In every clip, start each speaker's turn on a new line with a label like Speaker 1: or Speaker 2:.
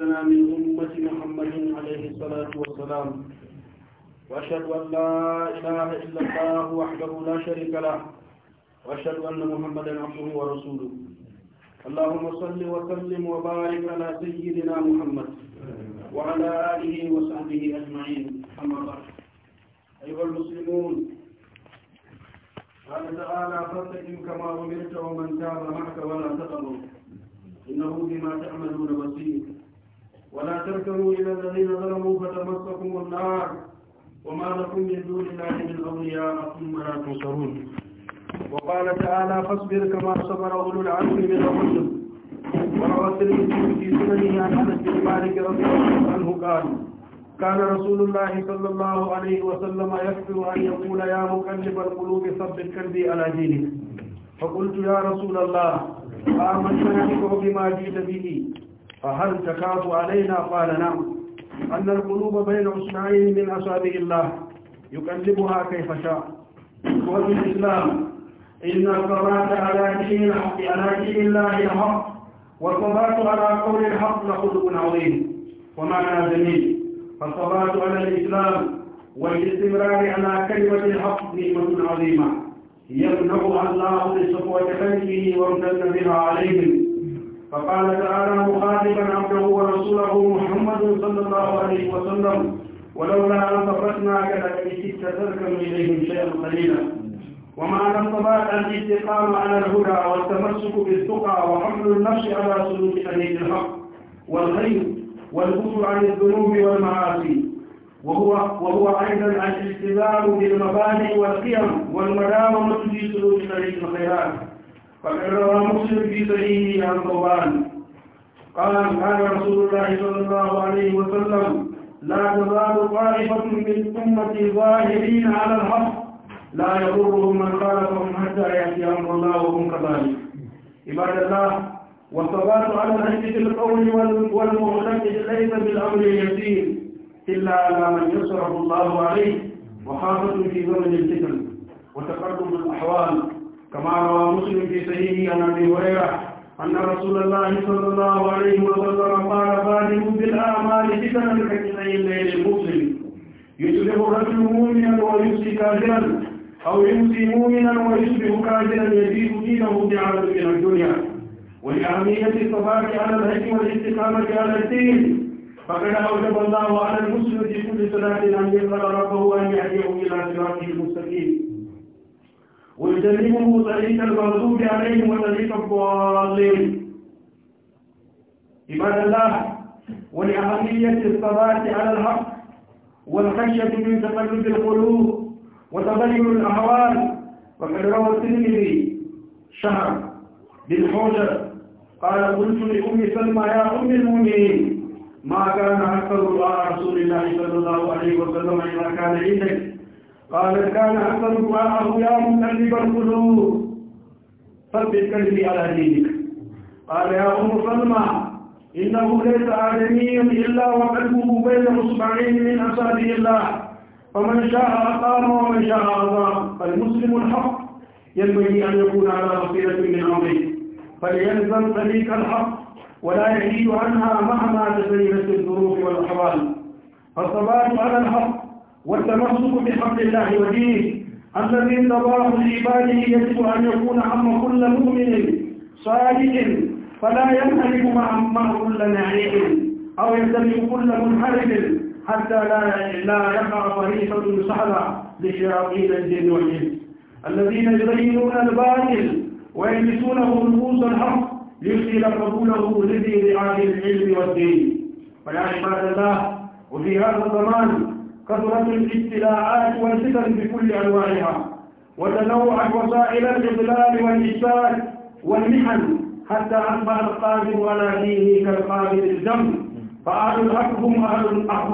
Speaker 1: لنا من أمة محمد عليه الصلاة والسلام وأشهد أن لا إله إلا الله وحده لا شريك له وأشهد أن محمدا عبده ورسوله اللهم صل وسلم وبارك على سيدنا محمد وعلى آله وصحبه أجمعين أما بعد أيها المسلمون قال تعالى فاستقم كما أمرت ومن تاب معك ولا تقبل إنه بما تعملون بصير ولا تركنوا إلى الذين ظلموا فتمسكم النار وما لكم من دون الله من أولياء ثم لا تنصرون وقال تعالى فاصبر كما صبر أولو العزم من الرسل وروى الترمذي في سننه عن أنس بن مالك رضي الله عنه قال كان رسول الله صلى الله عليه وسلم يكفر أن يقول يا مكلف القلوب ثبت قلبي على دينك فقلت يا رسول الله آمنت بما جئت به فهل تكاف علينا قال نعم أن القلوب بين أصبعين من أصابع الله يكذبها كيف شاء إخوة الإسلام إن الصلاة على دين على دين الله الحق والصلاة على قول الحق لخلق عظيم ومعنى جميل فالصلاة على الإسلام والاستمرار على كلمة الحق نعمة عظيمة يمنعها الله لصفوة خلقه وامتن بها عليهم فقال تعالى مخاطبا عبده ورسوله محمد صلى الله عليه وسلم ولولا أن تركناك لكدت تركم إليهم شيئا قليلا وما لم تبع الاستقامة على الهدى والتمسك بالتقى وحمل النفس على سلوك حديث الحق والخير والبعد عن الذنوب والمعاصي وهو وهو أيضا الالتزام بالمبادئ والقيم والمداومة في سلوك حديث الخيرات فكرر روى مسلم في صحيحه عن ثوبان قال قال رسول الله صلى الله عليه وسلم لا تزال طائفة من أمتي ظاهرين على الحق لا يضرهم من خالفهم حتى يأتي أمر الله وهم كذلك عباد الله والصلاه على الهدي في القول والمعتقد ليس بالأمر اليسير إلا على من يسره الله عليه وخاصة في زمن الفتن وتقدم الأحوال كما روى مسلم في صحيحه عن ابي هريره ان رسول الله صلى الله عليه وسلم قال بادروا بالاعمال فتنا ككسي الليل المسلم يصبح الرجل مؤمنا ويمسي كافرا او يمسي مؤمنا ويصبح كافرا يزيد دينه بعرض من الدنيا ولأهمية الصفاء على الهدي والاستقامة على الدين فقد أوجب الله على المسلم في كل صلاة أن يقرا ربه أن يهديه إلى صراطه المستقيم ويجنبهم طريق المغضوب عليهم وطريق الضالين عباد الله ولأهمية الصلاة على الحق والخشية من تقلب القلوب وتغير الأحوال وقد روى الترمذي شهر بالحجر قال قلت لأم سلمى يا أم المؤمنين ما كان أكثر دعاء رسول الله صلى الله عليه وسلم إذا كان عندك قال كان أحسن دعاءه يا مقلب القلوب ثبت قلبي على دينك قال يا أم سلمى إنه ليس آدمي إلا وقلبه بين إصبعين من أصابع الله فمن شاء أقام ومن شاء أضاع فالمسلم الحق ينبغي أن يكون على بصيرة من أمره فليلزم طريق الحق ولا يحيد عنها مهما تسلمت الظروف والأحوال فالثبات على الحق والتمسك بحق الله ودينه الذي انتظاره لعباده يجب أن يكون عم كل مؤمن صالح فلا ينهلك مع معه كل نعيم أو يمتلك كل منحرف حتى لا لا يقع طريقة سهلة لشياطين الجن والإنس الذين يبينون الباطل ويلبسونه نفوس الحق ليسهل قبوله لذي رعاه العلم والدين فيا عباد الله وفي هذا الزمان كثرت الابتلاعات والفتن بكل أنواعها وتنوعت وسائل الإضلال والإشتاك والمحن حتى أصبح القادر على دينه كالقادر الدم فأهل الحق هم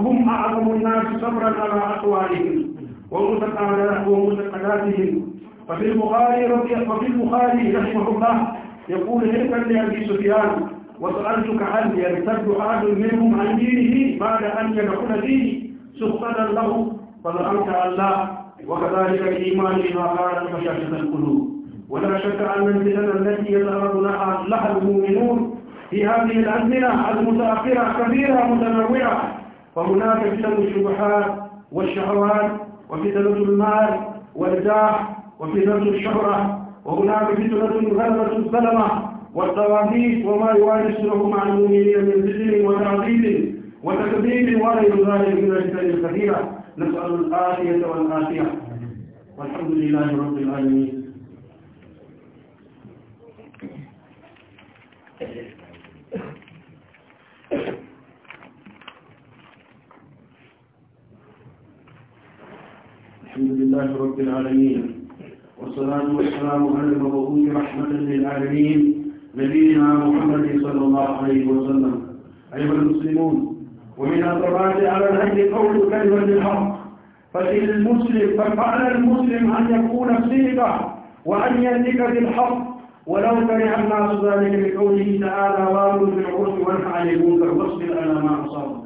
Speaker 1: هم أعظم الناس صبرا على أقوالهم ومتقاداتهم ففي البخاري رضي وفي البخاري رحمه الله يقول هيكل لأبي سفيان وسألتك هل يرتد أحد منهم عن دينه بعد أن يدخل فيه سخطا له فضحك الله وكذلك الإيمان بما قالت مشاكل القلوب ولا شك أن الفتن التي يتعرض لها المؤمنون في هذه الأزمنة المتأخرة كثيرة متنوعة فهناك فتن الشبهات والشهوات وفتنة المال والجاه وفتنة الشهرة وهناك فتنة غلبة الظلمة والتواضيع وما يوارث مع المؤمنين من فتن وتعظيم وتكذيب وغير ذلك من الاشياء الكثيره نسال الافيه والعافيه والحمد لله رب العالمين الحمد لله رب العالمين والصلاة والسلام على المبعوث رحمة للعالمين نبينا محمد صلى الله عليه وسلم أيها المسلمون ومن الضرات على الهدي قول كلمة الحق المسلم فعلى المسلم أن يكون صيغة وأن يثق بالحق ولو كره الناس ذلك بقوله تعالى وامر العرس وانحى عن المنكر واصبر على ما اصابك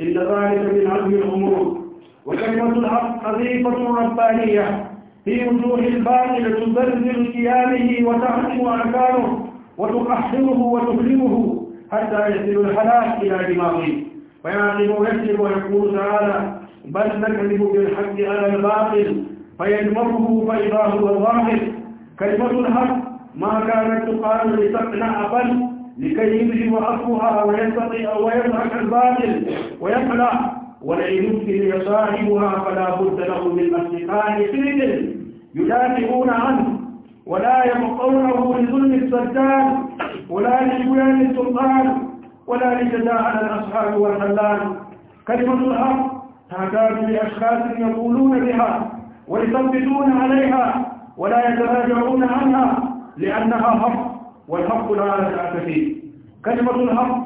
Speaker 1: ان ذلك من عزم الامور وكلمه الحق قذيفه ربانيه في وجوه الباطل تبرر قيامه وتعلم اركانه وتقحمه وتهلمه حتى يصل الحلال الى دماغه فيعقب نفسه ويقول تعالى بل نكذب بالحق على الباطل فيدمره فإذا هو ظاهر كلمة الحق ما كانت تقال لتقنع بل لكي يجب عفوها ويستطيع ويضحك الباطل ويقلع ولئن يمكن صاحبها فلا بد له من أصدقاء قيل يدافعون عنه ولا يبقونه لظلم السجاد ولا لبيان السلطان ولا على الأصحاب والخلان كلمة الحق تعتاد لأشخاص يقولون بها ويثبتون عليها ولا يتراجعون عنها لأنها حق والحق لا رجعة فيه كلمة الحق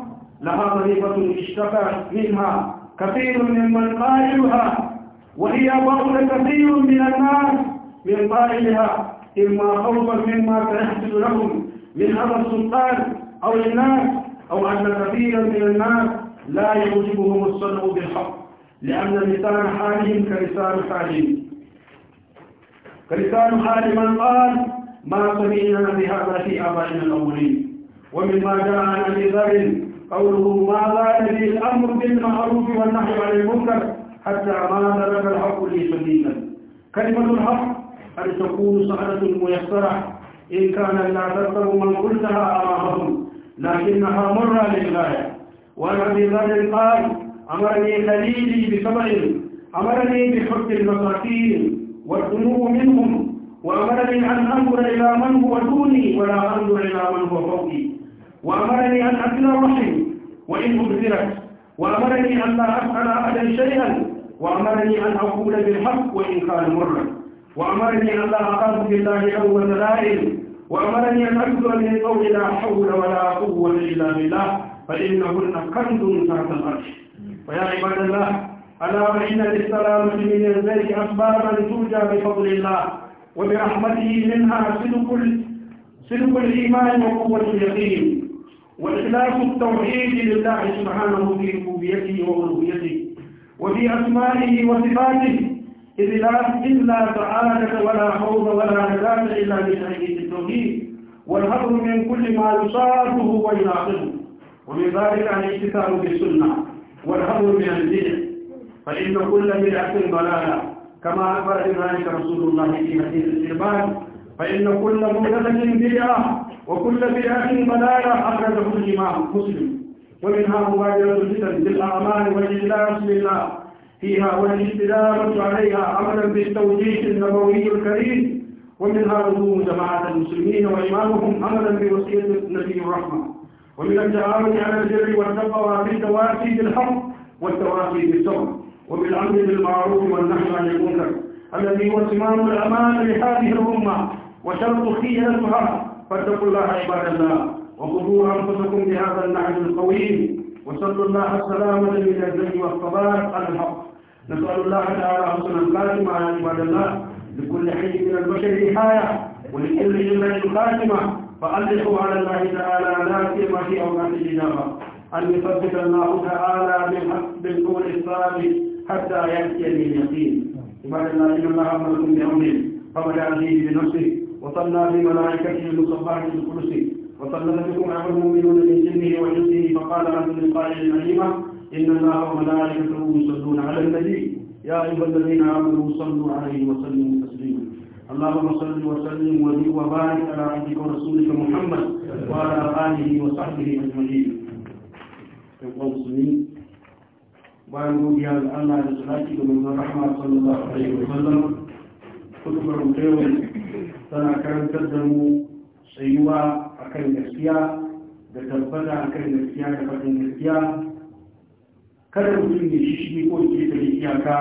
Speaker 1: لها طريقة اشتكى منها كثير ممن قائلها وهي بعض كثير من الناس من قائلها إما خوفا مما سيحدث لهم من هذا السلطان أو الناس أو أن كثيرا من الناس لا يوجبهم الصنع بالحق لأن لسان حالهم كلسان حالهم كلسان حال من قال ما سمعنا بهذا في آبائنا الأولين ومما جاء عن أبي ذر قوله ما زال الأمر بالمعروف والنهي عن المنكر حتى ما ذلك الحق لي سبيلا كلمة الحق أن تكون سهلة ميسرة إن كان لا تذكر من قلتها أمامهم لكنها مرة للغاية وأنا في ذر قال أمرني خليلي بصبر أمرني بحب المساكين والدنو منهم وأمرني أن أنظر إلى من هو دوني ولا أنظر إلى من هو فوقي وأمرني أن أكل الرحم وإن أبذلت وأمرني أن لا أسأل أحدا شيئا وأمرني أن أقول بالحق وإن كان مرا وأمرني أن لا أقاس بالله أول دلائل وأمرني أن أكثر من قول لا حول ولا قوة إلا بالله فإنهن كنز تحت الأرش ويا عباد الله ألا وإن للسلامة من ذلك أسبابا توجى بفضل الله وبرحمته منها صدق صدق الإيمان وقوة اليقين وإخلاص التوحيد لله سبحانه في ربوبيته وألوهيته وفي أسمائه وصفاته إذ لا إلا سعادة ولا حوض ولا نجاة إلا بشهيد التوحيد والهضم من كل ما يصابه ويناقضه ومن ذلك الامتثال بالسنة والهضم من الدين فإن كل بدعة ضلالة كما أخبر ذلك رسول الله في حديث الإرباد فإن كل مبتدأ بدعة وكل بدعة ضلالة أخرجه الإمام مسلم ومنها مبادرة الفتن بالأعمال والإخلاص لله فيها والاستدامة عليها عملا بالتوجيه النبوي الكريم ومنها لزوم جماعة المسلمين وإمامهم عملا بوصية النبي الرحمة ومن التعاون على البر والتقوى بالتواسي بالحق والتواسي بالصبر وبالعمل بالمعروف والنهي عن المنكر الذي هو زمام الأمان لهذه الأمة وشرط خيرتها فاتقوا الله عباد الله وخذوا أنفسكم بهذا النهج القويم وصلوا الله السلامة من الذل والثبات على الحق نسأل الله تعالى حسن الخاتمة يا عباد الله لكل حي من البشر حياة ولكل جنة خاتمة فألقوا على الله تعالى لا سيما في أوقات الإجابة أن يثبت الله تعالى بالقول الصالح حتى يأتي اليقين عباد الله إن الله أمركم بأمره فبدأ به بنفسه وصلى بملائكته في القدس وصلى بكم على المؤمنون من جنه وجنسه فقال عن القائل الكريمه إن الله وملائكته يصلون على النبي يا أيها الذين آمنوا صلوا عليه وسلموا تسليما اللهم صل وسلم وبارك على عبدك ورسولك محمد وعلى آله وصحبه أجمعين وقال المسلمين بارك الله على رسول الله صلى الله عليه وسلم كتب رمتهم سنة كان كذبوا سيوا أكل نسيا دكتبتا أكل نسيا دكتبتا نسيا kada mutum ya shi shi ko ke da iyaka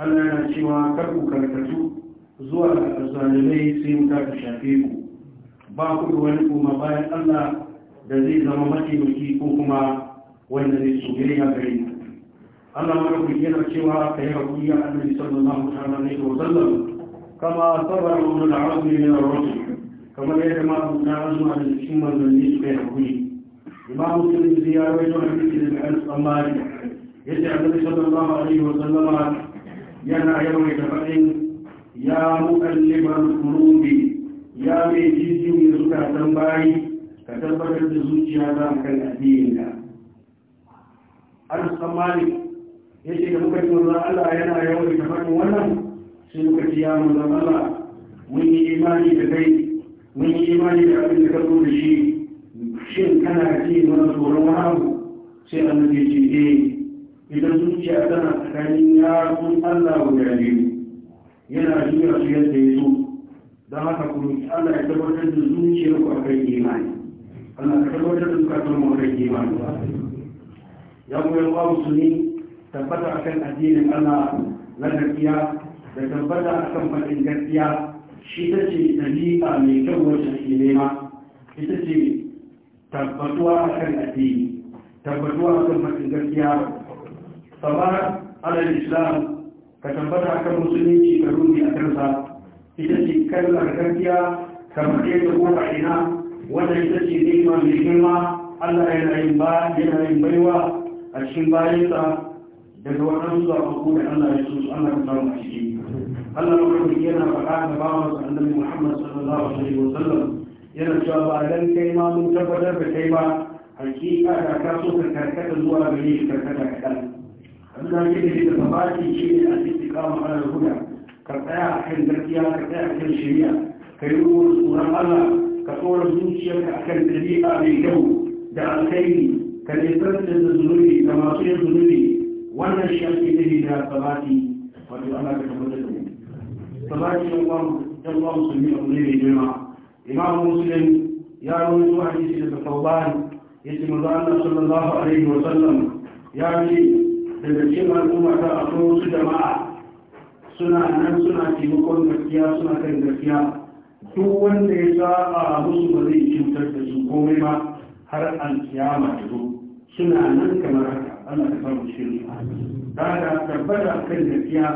Speaker 1: Allah na cewa kar ku karkatu zuwa ga zalimai sai mu ta shafe ku ba ku da wani kuma bayan Allah da zai zama mataimaki ko kuma wanda zai tsogiri a gare ku Allah mara ku yana cewa ka yi hakuri a annabi sallallahu alaihi wa sallam kama sabara wa da azumi min ar-rusul kamar yadda ma ta azumi da cikin manzanni suka yi hakuri imam muslim ya rawaito hadisi daga anas bin malik yace annabi sallallahu alaihi wa sallama yana yawaita faɗin ya muƙalliban qulubi ya mai jijiyoyi zukatan bayi ka tabbatar da zuciya za a kan addininka anas bin malik yace da muka yi Allah yana yawaita faɗin wannan sai muka ci ya manzon Allah mun yi imani da kai mun yi imani da abin da ka zo da shi shin kana ji wani tsoron wani abu sai annabi ce eh idan zuciya tana tsakanin yaron Allah guda biyu yana juya su yadda ya so don haka kuma Allah ya tabbatar da zuciyar ku akan imani Allah ka tabbatar da zukatan mu akan imani ya yi wa musulmi tabbata akan addinin Allah na gaskiya da tabbata akan faɗin gaskiya shi ta ce dalila mai kyau wacce ke nema ita ce tabbatuwa a kan addini tabbatuwa a kan gaskiya sabar alal islam ka tabbata a musulunci ka rumi a kansa ita ce kalmar gaskiya kamar yadda ko a ina wanda ita ce nema mai girma allah yana yin ba yana yin baiwa a cikin bayansa daga wannan zuwa zaɓaɓɓu da allah ya so allah ka samu a ciki allah ya yana faɗa ga bawansa annabi muhammad sallallahu alaihi wa sallam yana cewa ba dan kai ma mun tabbatar da kai ba hakika da ka so ka karkata zuwa ne ka karkata ka abin da ake da shi da tabbaci shi ne a cikin kama ala huda ka tsaya a kan gaskiya ka tsaya a kan shari'a ka yi ruwan tsoron allah ka tsoron zuciyarka a kan ɗabi'a mai kyau da alkhairi ka nisan da zunubi da masu yin zunubi wannan shi ake nufi da tabbaci wato ana ka tabbatar da mu tabbaci yan uwan musulmi a ne mai girma imam muslim ya rawaito hadisi daga sauban yace manzo Allah sallallahu alaihi wa sallam ya ce daga cikin al'umma ta akwai wasu jama'a suna nan suna taimakon gaskiya suna kan gaskiya duk wanda ya saba musu ba zai cutar da su komai ba har an kiyama ta zo suna nan kamar haka Allah ta samu cikin su da Da tabbata kan gaskiya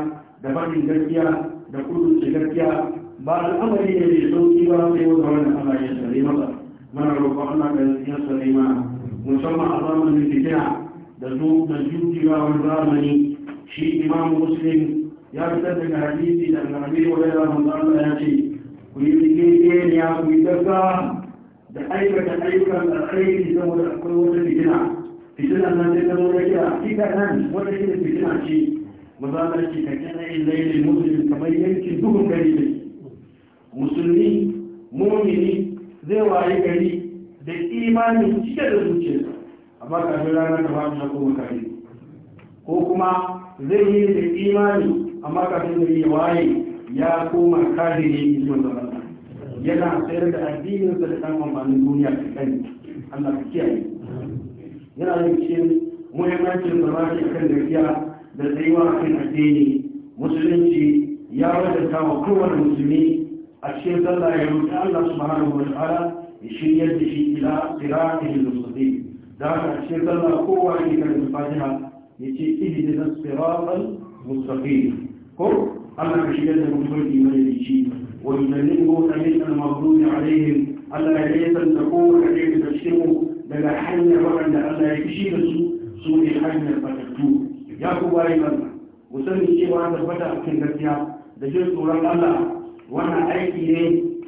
Speaker 1: da faɗin gaskiya da kudin gaskiya ba al'amari ne mai sauki ba sai wanda wani Allah ya tsare masa muna roƙon Allah da ya tsare mana musamman a zamanin fitina da zo da jujjuyawar zamani shi imam muslim ya fitar daga hadisi da annabi wa ya rahama Allah ya ce ku yi rike ya ku yi daga da aikata ayyukan alkhairi saboda akwai wata fitina fitina nan ta zama da kira hakika nan wata shi fitina ce maza da ke kakkan ayin lailin muslim kamar yankin duhun gari ne musulmi mumini zai waye gari da imanin cike da zuciyarsa amma kafin ranar da babu shakko makare ko kuma zai yi da imani amma kafin da ya waye ya koma kafiri ne zuwa zaman yana sayar da addinin sa da kan amfanin duniya ta kai Allah ka kiyaye yana yin cikin muhimmancin zama shi kan gaskiya da tsayuwa kan addini musulunci ya wadanta wa kowane musulmi أكثر الله يقول الله سبحانه وتعالى يشير يدشي إلى صراطه المستقيم دعنا أكثر الله قوة إليك الفاتحة يشير إهدنا الصراء المستقيم قل أما يشير يدشي من إيمان يشير ويسلمه المغضوب عليهم ألا يليس أن تقول عليك تشتمه لما حل وعند الله نسو سوء الحجم الفتكتور يا قوة إيمان وسمي شيء وعند فتح في دجلت da الله wannan aiki ne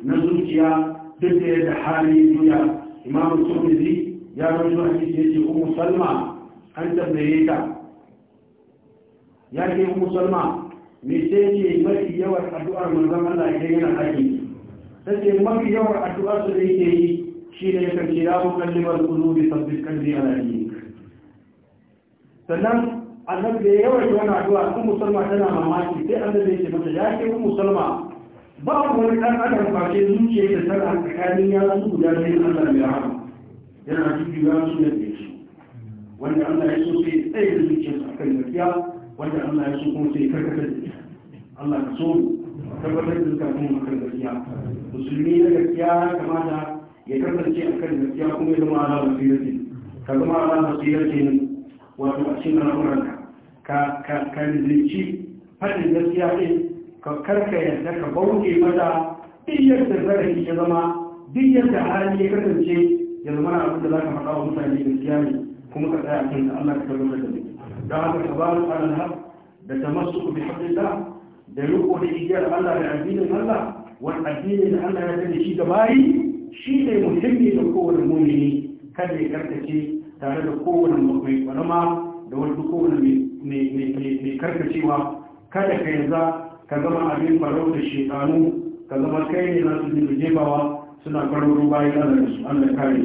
Speaker 1: na zuciya duk da yadda hali duniya imamu turmizi ya rawaito hadisi yace ummu salma an tambaye ta ya ke ummu salma me ce ce mafi yawan addu'ar manzon Allah idan yana aiki sai mafi yawan addu'ar su da yake yi shine ya kace ya mukallimal qulubi sabbit kalli ala dinik sannan annabi da yawan wannan addu'a ummu salma tana mamaki sai annabi ya ce mata ya ke ummu salma ba wani ɗan adam face zuciya da tana tsakanin ya su guda biyu Allah ya rahama yana cikin ya su da su wanda Allah ya so sai tsaye da zuciya a kan gaskiya wanda Allah ya so kuma sai karkata da ita Allah ka so tabbatar da zukatun a kan gaskiya musulmi na gaskiya kamata ya kasance a kan gaskiya kuma ya zama ala basiratin ka zama ala basiratin wato a cikin al'amuranka ka ka ka nizinci faɗin gaskiya ɗin ka karka yadda ka bauke mata duk yadda zarafi ya zama duk yadda hali ya kasance ya zama na abin da za ka faɗa wa mutane gaskiya ne kuma ka tsaya kan da Allah ka karɓar da mu da haka ka ba su alal haq da tamassuku bi hablillah da riko da igiyar Allah da addinin Allah wani addini da Allah ya sani shi da bayi shi ne muhimmi da kowane mumini kada ya karkace tare da kowane mai kwarama da wani kowane mai karkacewa kada ka yanzu ka zama abin farauta da shekaru ka zama kai ne na su dinga jebawa suna kwararo bayan Allah da su da kare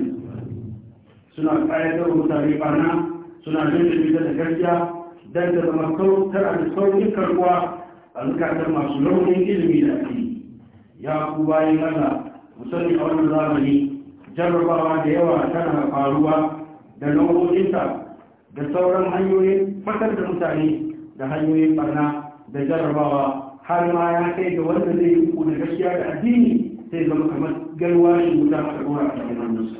Speaker 1: suna da mutane barna suna jirgin da da gaskiya don da zama kautar a saurin karuwa a zukatar masu launin ilimi da ake ya ku bayan Allah musamman a wannan zamani jarrabawa da yawa tana faruwa da nau'o'inta da sauran hanyoyin fatar da mutane da hanyoyin barna da jarrabawa har ma ya kai ga wanda zai yi ku da gaskiya da addini sai zama kamar garwa shi wuta a ɗora a cikin hannunsa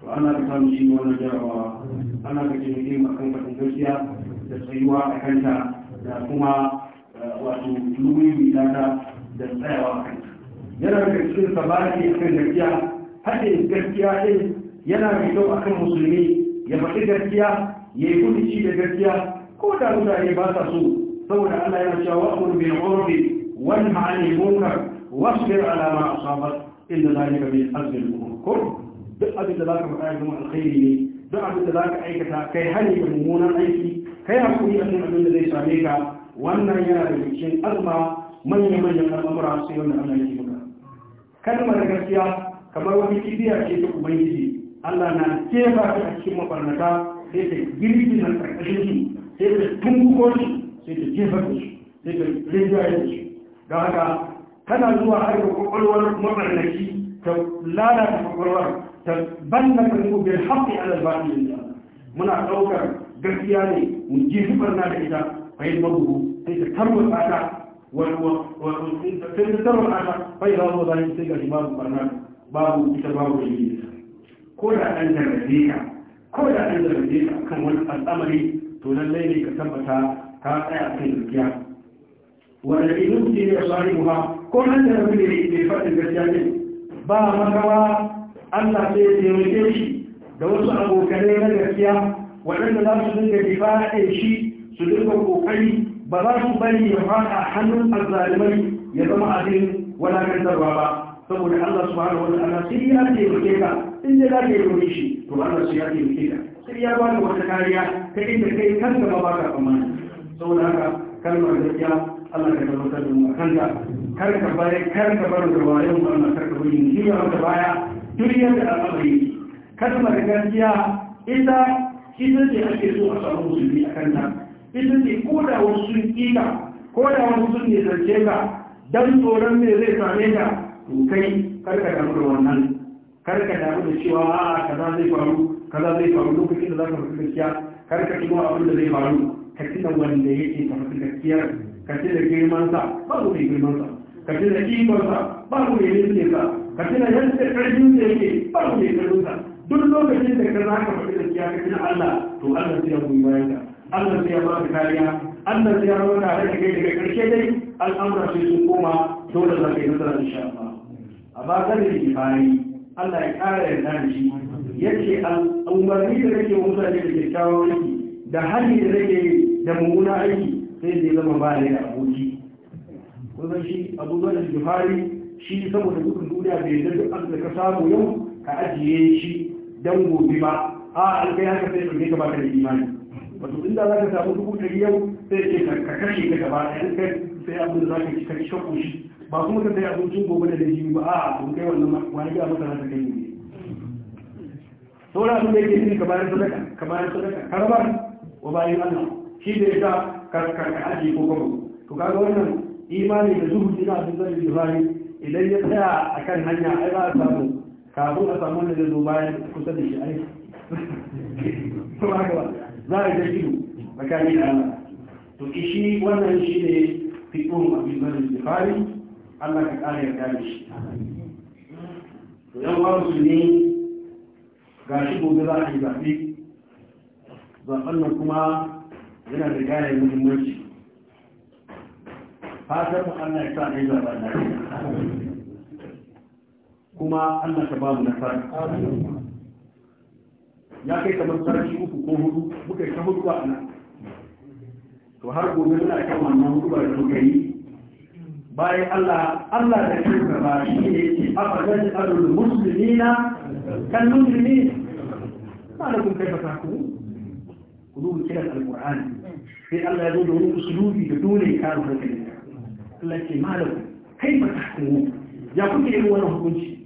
Speaker 1: to ana da samun shi wannan jarabawa ana da jirage makan faɗin gaskiya da tsayuwa a kanta da kuma eh, wato lumi ta da tsayawa a kanta yana da cikin sabari a kan gaskiya haɗe gaskiya ɗin yana da kyau a kan musulmi ya faɗi gaskiya ya yi kudici da gaskiya ko da mutane ba sa so saboda Allah yana cewa wa'mur bil urfi wanha 'anil munkar wasbir 'ala ma asabak inna zalika min azmi al-umur duk abin da zaka faɗa zama alkhairi ne duk abin da zaka aikata kai hali da mummunan aiki kai hakuri a kan abin da zai same ka wannan yana da cikin azma manya manyan al'amura sai wanda Allah ya maka kalmar gaskiya kamar wani kibiya ce ta ubangiji Allah na jefa ta a cikin mabarnata sai ta girgi na karkashin shi sai ta tunko shi sai ka jefar da shi sai ka da haka kana zuwa harka kwakwalwar mabarnaki ta lalata kwakwalwar ta banna ka zuwa bai haƙƙi alal baɗi da muna ɗaukar gaskiya ne mu jefi barna da ita fahim mabuhu sai ta tarwa tsada sai ta tarwa tsada fahim za mu zai sai ga shi babu barna babu ita babu da yi ko da an jarrabe ka ko da an jarrabe ka kan wani al'amari to lallai ne ka tabbata ta tsaya a kan gaskiya wanda ke nufi ne a tsari kuma ko nan da rabu ne mai faɗin gaskiya ne ba makawa Allah sai ya taimake shi da wasu abokanai na gaskiya waɗanda za su dinga difa'in shi su dinga kokari ba za su bari ya fada hannun azzalimai ya zama abin walakantarwa ba saboda Allah su subhanahu wani ta'ala sai ya taimake ka in ya za ka yi shi to Allah sai ya taimake ka sai ya ba ka wata kariya ta inda kai kanka ba ba ka tsammani saboda haka kalmar gaskiya Allah ka tabbatar da mu kanta kar ka bare kar ka bar da mu wannan kar ka bari ni ga da baya duk yadda al'amari kalmar gaskiya ita ita ce ake so a samu musulmi a kanta ita ce ko da wasu sun kika ko da wasu sun ne zance ka dan tsoron me zai same ka to kai kar ka damu da wannan kar ka damu da cewa a kaza zai faru kaza zai faru lokacin da za ka fi gaskiya kar ka tuno abin da zai faru ka tuna wanda yake tafi gaskiyar ka tuna girman sa ba ku mai girman sa ka tuna ikon sa ba mu mai nufin sa ka tuna yadda karfin da yake ba ku mai karfin sa duk lokacin da ka zaka faɗi gaskiya ka tuna Allah to Allah sai yi goyi bayan ka Allah sai ya ba ka kariya Allah sai ya da ka da kai daga karshe dai al'amura sai sun koma dole za ka yi nasara insha Allah a ba ka da kifari Allah ya ƙara yarda da shi yace umarni da nake wa mutane da kyakkyawan aiki da hali da nake da mummuna aiki sai zai zama ba ne da aboki zan shi abubuwan da jihari shi saboda dukkan duniya bai da duk abin da ka samu yau ka ajiye shi don gobe ba a alƙai haka sai ka baka da imani wato inda za ka samu dubu ɗari yau sai ce ka kashe ka gaba ɗaya kai sai abin da za ka ci ka shakku shi ba kuma ka sai abincin gobe da jini ba a kun kai wannan wani ga masa za kai ne sauran abin da yake yi ka bayan sadaka ka bayan sadaka karbar wa bayan Allah shi da ya sa ka aji ko kuma to kaga wannan imani da zuhudi na abin zai zuhari idan ya tsaya a kan hanya ai ba a samu kafin a samu wanda zai zo bayan kusa da shi ai za a ga ido tsakanin da ana to shi wannan shi ne fiƙon abin zai zuhari allah ka ƙara yarda da shi to yan su ne ga shi gobe za a yi zaɓe zaɓen nan kuma yana da gane muhimmanci fatan mu Allah ya sa ne da lafiya kuma Allah ta ba mu nasara ya kai kamar sarki uku ko hudu muka yi ta hudu ba nan to har gobe muna kan wannan hudu ba da muka yi bayan Allah Allah da ka ba shi ne yake afadan arul muslimina kan muslimi ma da kun kai fata ku ku duba kiran alqur'ani sai Allah ya zo da wani usulubi da dole ya kare hankali Allah ce malam kai ba ta hukumu ya kuke yin wannan hukunci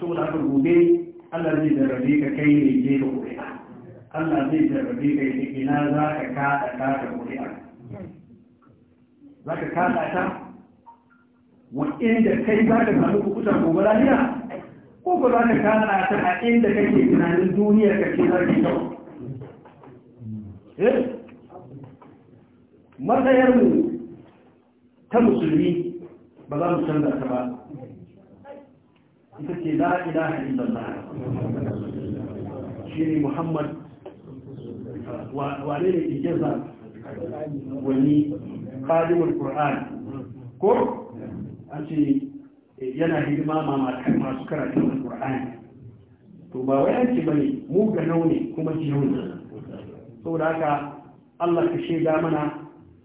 Speaker 1: saboda haka gobe Allah zai zarrabe ka kai ne je da ƙuri'a Allah zai zarrabe ka yi ina za ka kada ta da ƙuri'a za ka kaɗa ta wa kai za ka samu kukuta gobe lafiya ko ba za ka kaɗa ta a inda kake tunanin duniyar ka ce za ka yi kyau eh? mu ta musulmi ba za mu canza ta ba ita ce la da za shi ne muhammad wane ne ijaza wani kalimar Kur'ani ko an ce yana hidima masu karatun qur'an to ba wayan ce ce bane mu ga ne kuma ji yau ne saboda haka Allah ka shaida mana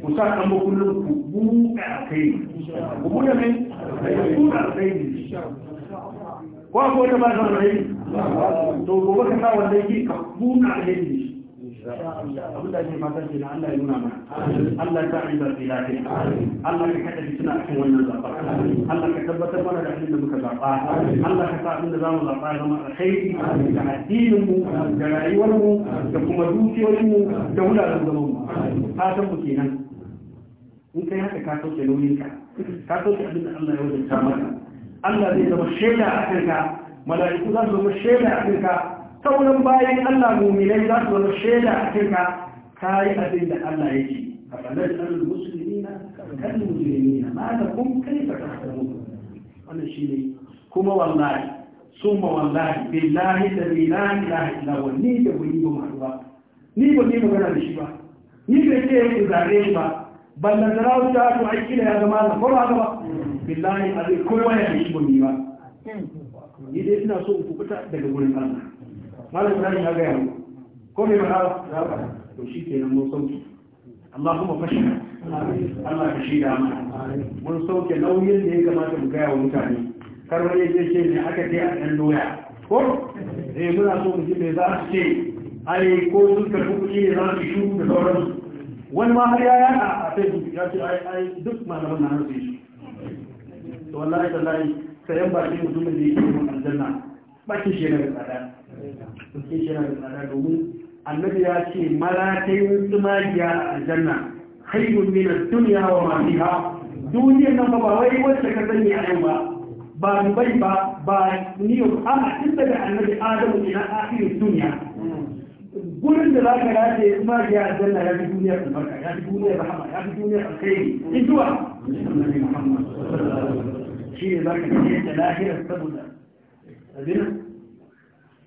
Speaker 1: ku sa kan makullin ku da alkhairi ku buɗe mai buɗe alkhairi ko ko ta ba ta alkhairi to gobe ka sa wanda yake ka buɗe alkhairi abin da ake fata ke na Allah ya nuna mana Allah ta aida fi lafiya Allah ka kada ki tuna cikin wannan zaba Allah ka tabbatar mana da abin da muka zaba Allah ka sa abin da zamu zaba zama alkhairi da addinin mu da rayuwar mu da kuma dukiyoyin mu da wuraren zaman mu fatan mu kenan in kai haka ka sauke nauyinka ka sauke abin da Allah ya wajenta maka Allah zai zama shaida a kanka mala'iku za su zama shaida a Ta sauran bayan Allah mu'minai za su zama shaida a kanka ka yi abin da Allah ya yake a ballar tsarin musulmina kan na. ma da kun kai ka kasaru wannan shi ne kuma wallahi summa wallahi billahi da billahi la ilaha ni da wani ba ni ba ni magana da shi ba ni da ke zare shi ba ballan da rawu ta to aiki da ya zama ko ba gaba billahi azai kowa ya yi gumi ba ni dai ina so ku fita daga gurin Allah malam da ya ga yau ko me ba to shi ke nan mun sauki Allahumma fashi Allah ka shi da mun sauke nauyin da ya kamata mu gaya wa mutane kar wani ya ce ne aka ce a ɗan doya ko eh muna so mu ji me za su ce ai ko sun karɓi kuɗi ne za su shuru da sauransu wani ma har yaya a facebook ya ce ai duk malaman na harsu shi to wallahi tallahi sayan baki mutumin da yake yin aljanna bakin shi yana da tsada bakin shi yana da tsada domin annabi ya ce malakai tsumagiya a aljanna khairun min ad-dunya wa ma fiha duniyar nan ba wai wacce ka sani a yau ba ba ni dubai ba ba new york a cikin daga annabi adamu ila akhirin duniya gurin da za ka rataye ya kuma ya aljanna ya fi duniya albarka ya fi duniya rahama ya fi duniya alkhairi in zuwa shi ne za ka kace da lahirar saboda abin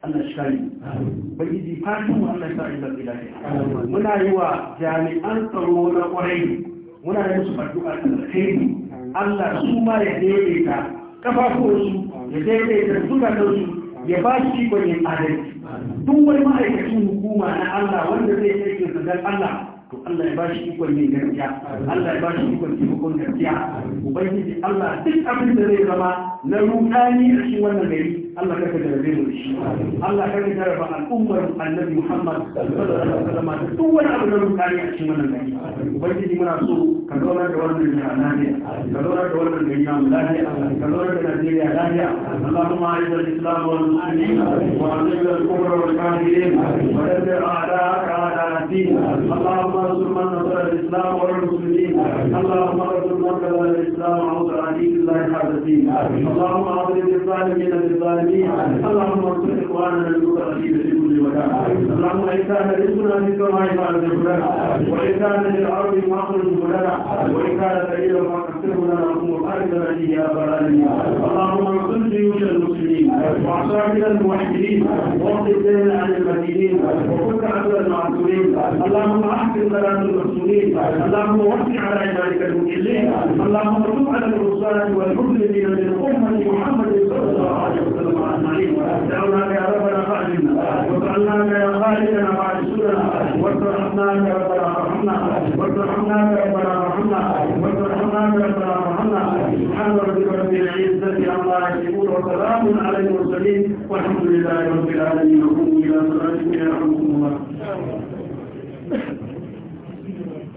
Speaker 1: Allah shi yi ubangiji fatan mu Allah ya sa da ilahi muna yi wa jami'an tsaro na kwarai muna yi musu addu'a alkhairi Allah su ma ya daidaita kafafuwansu ya daidaita zukatansu ya ba shi ikon yin adalci duk wani ma'aikacin hukuma na Allah wanda zai aikin sa dan Allah to Allah ya ba shi ikon yin gaskiya Allah ya ba shi ikon taimakon gaskiya ubangiji Allah duk abin da zai zama na rudani a cikin wannan gari Allah kaka jarabe mu shi Allah kaka jaraba al'ummar annabi Muhammad sallallahu alaihi wasallam da duk wani abu da ne a cikin wannan gari ubangiji muna so ka zauna da wannan gari lafiya ka zauna da wannan gari lafiya ka zauna da Najeriya lafiya Allahumma a'izz islam wal muslimin wa a'izz al-kufr wal kafirin wa dabbir a'da'aka a'da الدين اللهم انصر من نصر الاسلام والمسلمين اللهم انصر من كفر الاسلام وانصر عليه الله هذا الدين اللهم اعطي للظالمين للظالمين اللهم انصر جيوش المسلمين واحصاك الموحدين واغفر لنا عن المدينين وكنت عدو المعذورين اللهم احسن صلاه المسلمين اللهم وفق على عبادك المكلين اللهم ارزق على الرسالة والمسلمين من أمة محمد صلى الله عليه وسلم أجمعين واستعنا يا ربنا فاعلمنا يا خالدنا فاعلمنا يا ربنا فارحمنا يا ربنا فارحمنا يا ربنا سبحان ربك رب العزة عما يصفون وسلام على المرسلين والحمد لله رب العالمين وقوموا إلى صلاتكم يرحمكم